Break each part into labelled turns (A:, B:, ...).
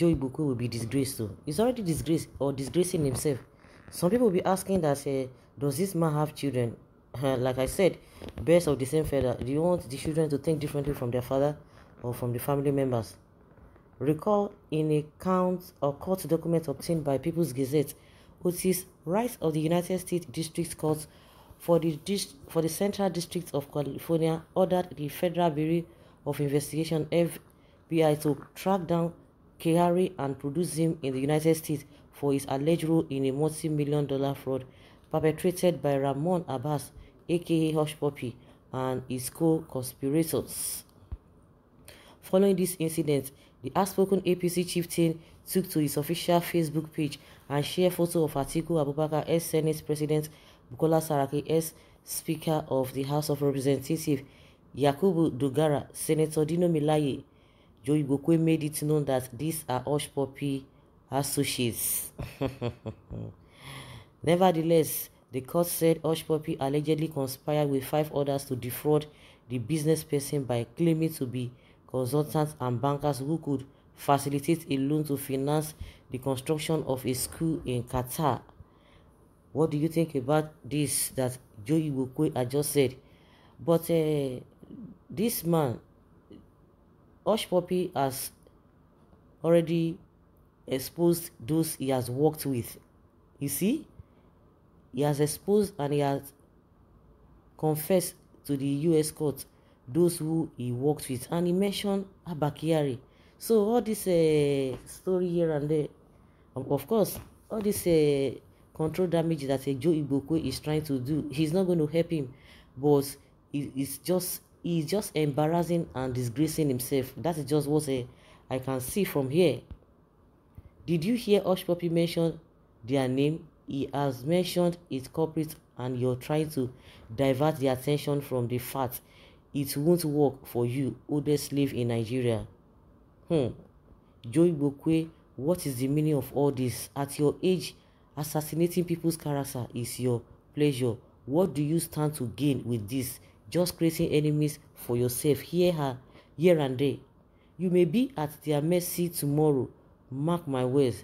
A: Joey Buku will be disgraced too. He's already disgraced or disgracing himself. Some people will be asking that, eh, does this man have children? like I said, best of the same feather. Do you want the children to think differently from their father or from the family members? Recall in a count or court document obtained by People's Gazette, is Rights of the United States District Court for the dist- for the Central District of California ordered the Federal Bureau of Investigation FBI to track down Kehari and produce him in the United States for his alleged role in a multi-million dollar fraud perpetrated by Ramon Abbas, aka Hush Puppy, and his co-conspirators. Following this incident, the outspoken APC chieftain took to his official Facebook page and shared photo of Atiku Abubakar as Senate President, Bukola Saraki as Speaker of the House of Representatives, Yakubu Dugara, Senator Dino Milaye, Joey Igbokwe made it known that these are Hush Puppy associates. Nevertheless, the court said Hush Puppy allegedly conspired with five others to defraud the business person by claiming to be consultants and bankers who could facilitate a loan to finance the construction of a school in Qatar. What do you think about this that Joey Igbokwe had just said? But uh, this man Hush Puppy has already exposed those he has worked with. You see, he has exposed and he has confessed to the US court those who he worked with, and he mentioned Abakiari. So all this uh, story here and there, um, of course, all this uh, control damage that uh, Joe Igbokwe is trying to do, he's not going to help him, but it, it's just He's just embarrassing and disgracing himself. That is just what uh, I can see from here. Did you hear Hush Puppy mention their name? He has mentioned its culprit and you're trying to divert the attention from the fact it won't work for you, oldest slave in Nigeria. Hmm. Joy Bokwe, what is the meaning of all this? At your age, assassinating people's character is your pleasure. What do you stand to gain with this? just creating enemies for yourself here, her, here and there. You may be at their mercy tomorrow. Mark my words.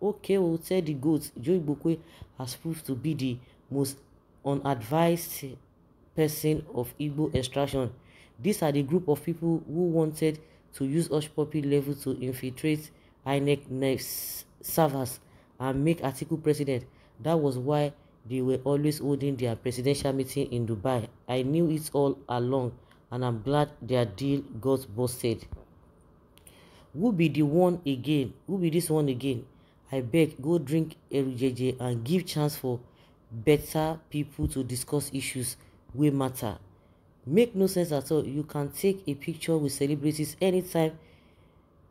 A: Okay, we'll oh, tell the goats. Joe Ibokwe has proved to be the most unadvised person of Igbo extraction. These are the group of people who wanted to use Hush Puppy level to infiltrate INEC servers and make Atiku president. That was why they were always holding their presidential meeting in Dubai. I knew it all along and I'm glad their deal got busted. Who be the one again? Who be this one again? I beg, go drink LJJ and give chance for better people to discuss issues where matter. Make no sense at all. You can take a picture with celebrities anytime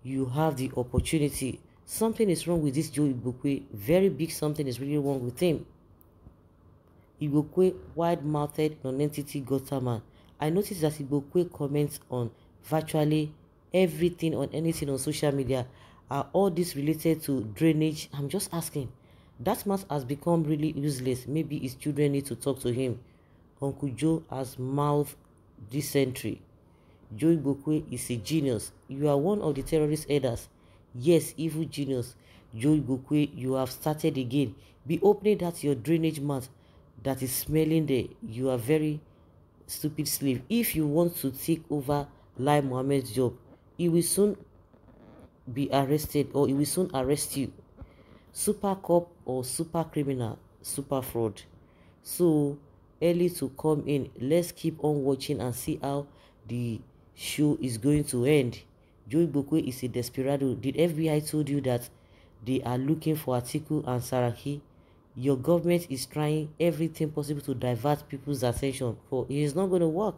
A: you have the opportunity. Something is wrong with this Joey Ibukwe. Very big something is really wrong with him. Igbokwe wide-mouthed nonentity gutter-man, I noticed that Igbokwe comments on virtually everything on anything on social media. Are all these related to drainage? I'm just asking. That man has become really useless. Maybe his children need to talk to him. Uncle Joe has mouth dysentery. Joe Igbokwe is a genius. You are one of the terrorist elders. Yes, evil genius. Joe Igbokwe, you have started again. Be opening that your drainage mouth that is smelling the you are very stupid slave if you want to take over lai mohammed's job he will soon be arrested or he will soon arrest you super cop or super criminal super fraud so early to come in let's keep on watching and see how the show is going to end joey bokwe is a desperado did fbi told you that they are looking for atiku and saraki your government is trying everything possible to divert people's attention for it is not going to work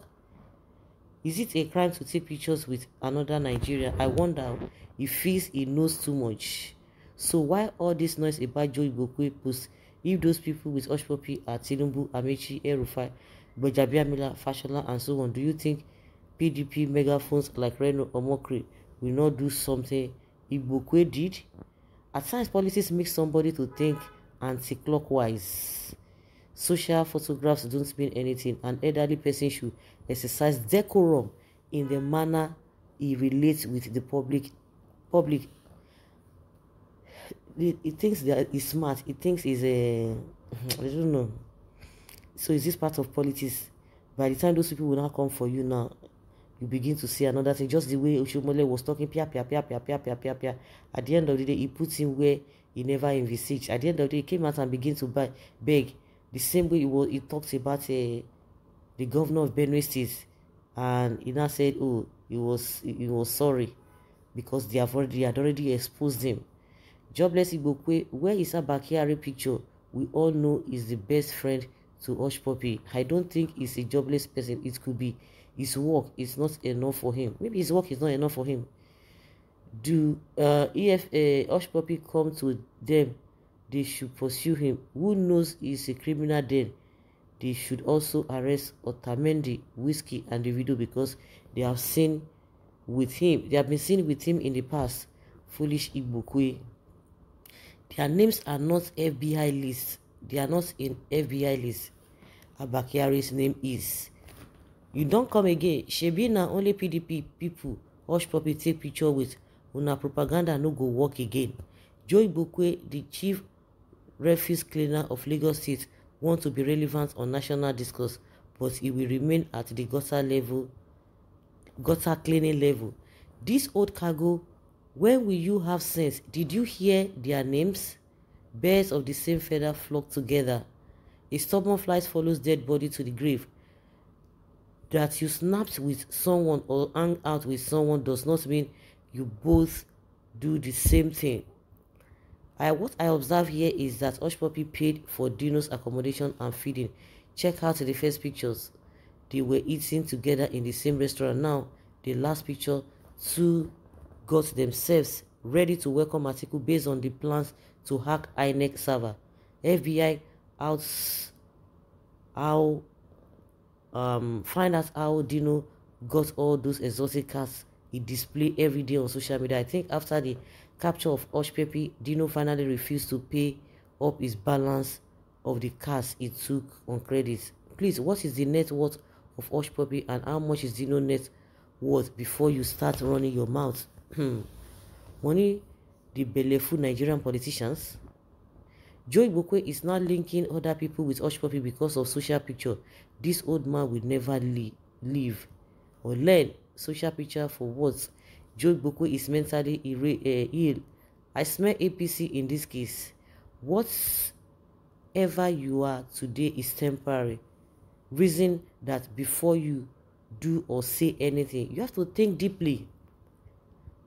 A: is it a crime to take pictures with another Nigerian? I wonder if feels he knows too much. So why all this noise about Joe Ibokwe post if those people with Oshpopi Atinubu, Tinubu, Amechi, Erufai, Gbajabiamila, Fashola, and so on? Do you think PDP megaphones like Reno or Mokri will not do something Ibokwe did? At times, politics make somebody to think anti-clockwise. Social photographs don't mean anything. An elderly person should exercise decorum in the manner he relates with the public. Public. He, he thinks that he's smart. He thinks he's a. I don't know. So is this part of politics? By the time those people will not come for you now, you begin to see another thing. Just the way Oshomole was talking, pia pia pia pia pia pia pia pia. At the end of the day, he puts in where he never envisaged. At the end of the day, he came out and began to beg. The same way he, was, he talked about uh, the governor of Benue State. And he now said, oh, he was, he was sorry because they, have already, they had already exposed him. Jobless Igbokwe, where is Abakari picture? We all know is the best friend to Osh Poppy. I don't think he's a jobless person. It could be his work is not enough for him. Maybe his work is not enough for him. Do uh, if a uh, Hush Puppy come to them, they should pursue him. Who knows he's a criminal then? They should also arrest Otamendi, Whiskey, and the widow because they have seen with him. They have been seen with him in the past. Foolish Ibukwe. Their names are not FBI list. They are not in FBI list. Abakiari's name is. You don't come again. Shebi now only PDP people. Hush puppy take picture with. una propaganda no go work again Joy Bukwe, the chief refuse cleaner of lagos state wants to be relevant on national discourse but he will remain at the gutter level gutter cleaning level This old cargo when will you have sense did you hear their names Bears of the same feather flock together a stubborn fly follows dead body to the grave that you snapped with someone or hang out with someone does not mean you both do the same thing. I, what I observe here is that Osh Poppy paid for Dino's accommodation and feeding. Check out the first pictures. They were eating together in the same restaurant. Now, the last picture, two got themselves ready to welcome Article based on the plans to hack INEC server. FBI out how um find out how Dino got all those exotic cars. he displayed every day on social media. I think after the capture of Oshpepi, Dino finally refused to pay up his balance of the cars he took on credit. Please, what is the net worth of Oshpepi and how much is Dino net worth before you start running your mouth? Hmm. Money, the beleful Nigerian politicians. Joy Ibokwe is not linking other people with Oshpepi because of social picture. This old man will never leave or learn social picture for what Joe Boko is mentally eh, ill. I smell APC in this case. Whatever you are today is temporary. Reason that before you do or say anything, you have to think deeply.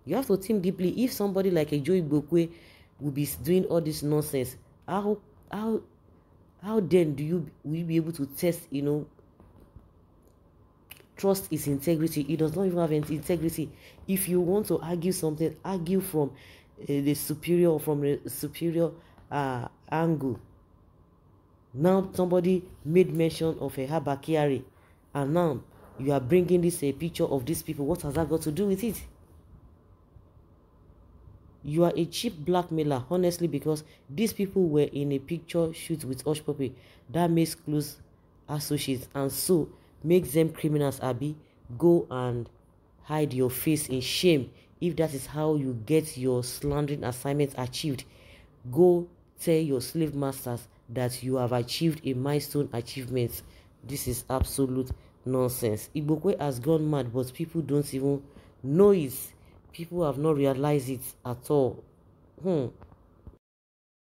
A: You have to think deeply. If somebody like a Joe Bokwe will be doing all this nonsense, how how how then do you will you be able to test you know trust is integrity he does not even have integrity if you want to argue something argue from uh, the superior from the superior uh, angle now somebody made mention of a habakiri and now you are bringing this a picture of these people what has that got to do with it you are a cheap blackmailer honestly because these people were in a picture shoot with Osh Poppy that makes close associates and so Make them criminals, Abby. Go and hide your face in shame if that is how you get your slandering assignments achieved. Go tell your slave masters that you have achieved a milestone achievement. This is absolute nonsense. Ibokwe has gone mad, but people don't even know it. People have not realized it at all. Hmm.